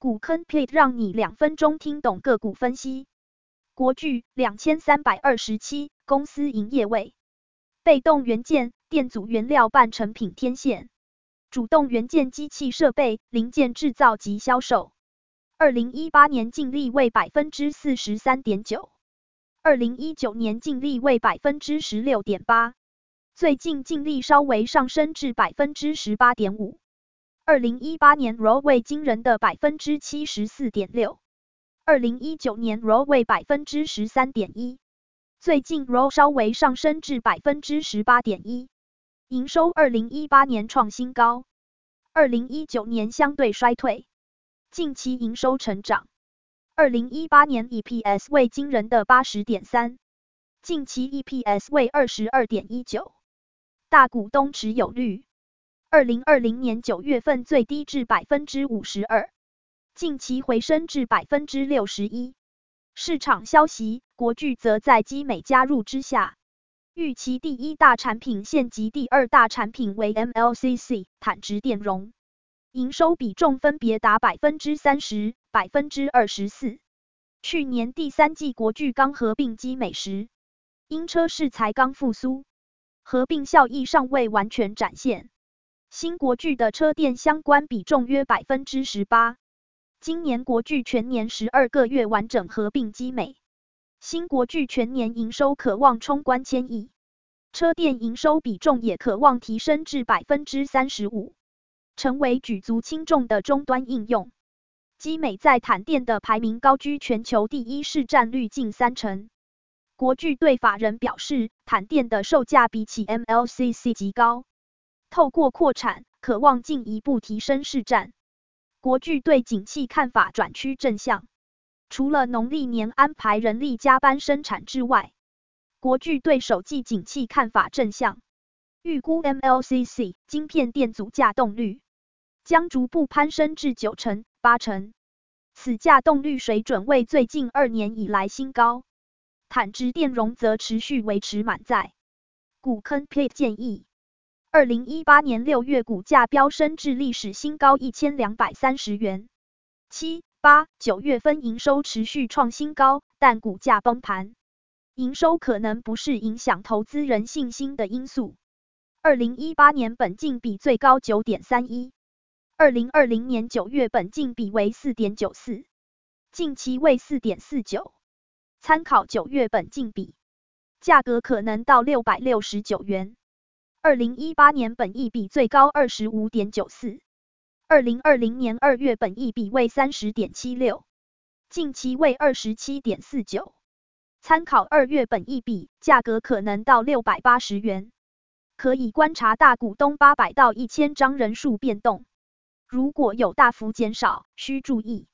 股坑 please 讓你兩分鐘聽懂個股分析。國巨兩千三百二十七，27, 公司營業為、被動元件、電阻原料、半成品、天線、主動元件、機器設備零件制造及銷售。二零一八年淨利為百分之四十三點九，二零一九年淨利為百分之十六點八，最近淨利稍微上升至百分之十八點五。二零一八年 ROE 為驚人的百分之七十四點六，二零一九年 ROE 為百分之十三點一，最近 ROE 稍微上升至百分之十八點一。營收二零一八年創新高，二零一九年相對衰退，近期營收成長。二零一八年 EPS 為驚人的八十點三，近期 EPS 為二十二點一九。大股東持有率。二零二零年九月份最低至百分之五十二，近期回升至百分之六十一。市場消息，國巨則在基美加入之下，預期第一大產品線及第二大產品為 MLCC 鉭質電容，營收比重分別達百分之三十、百分之二十四。去年第三季國巨剛合併基美時，因車市才剛復甦，合併效益尚未完全展現。新國巨的車電相關比重約百分之十八。今年國巨全年十二個月完整合併基美，新國巨全年營收可望衝關千億，車電營收比重也可望提升至百分之三十五，成為舉足輕重的終端應用。基美在鉭電的排名高居全球第一，市占率近三成。國巨對法人表示，鉭電的售價比起 MLCC 極高。透過擴產，可望進一步提升市占。國巨對景氣看法轉趨正向，除了農曆年安排人力加班生產之外，國巨對首季景氣看法正向，預估 MLCC 晶片電阻稼動率將逐步攀升至九成、八成，此稼動率水準為最近二年以來新高。鉭質電容則持續維持滿載。古坑 plate 建議。二零一八年六月，股價飆升至歷史新高一千兩百三十元。七、八、九月份營收持續創新高，但股價崩盤。營收可能不是影響投資人信心的因素。二零一八年本淨比最高九點三一，二零二零年九月本淨比為四點九四，近期為四點四九。參考九月本淨比，價格可能到六百六十九元。二零一八年本益比最高二十五點九四，二零二零年二月本益比為三十點七六，近期為二十七點四九。參考二月本益比，價格可能到六百八十元，可以觀察大股東八百到一千張人數變動，如果有大幅減少，需注意。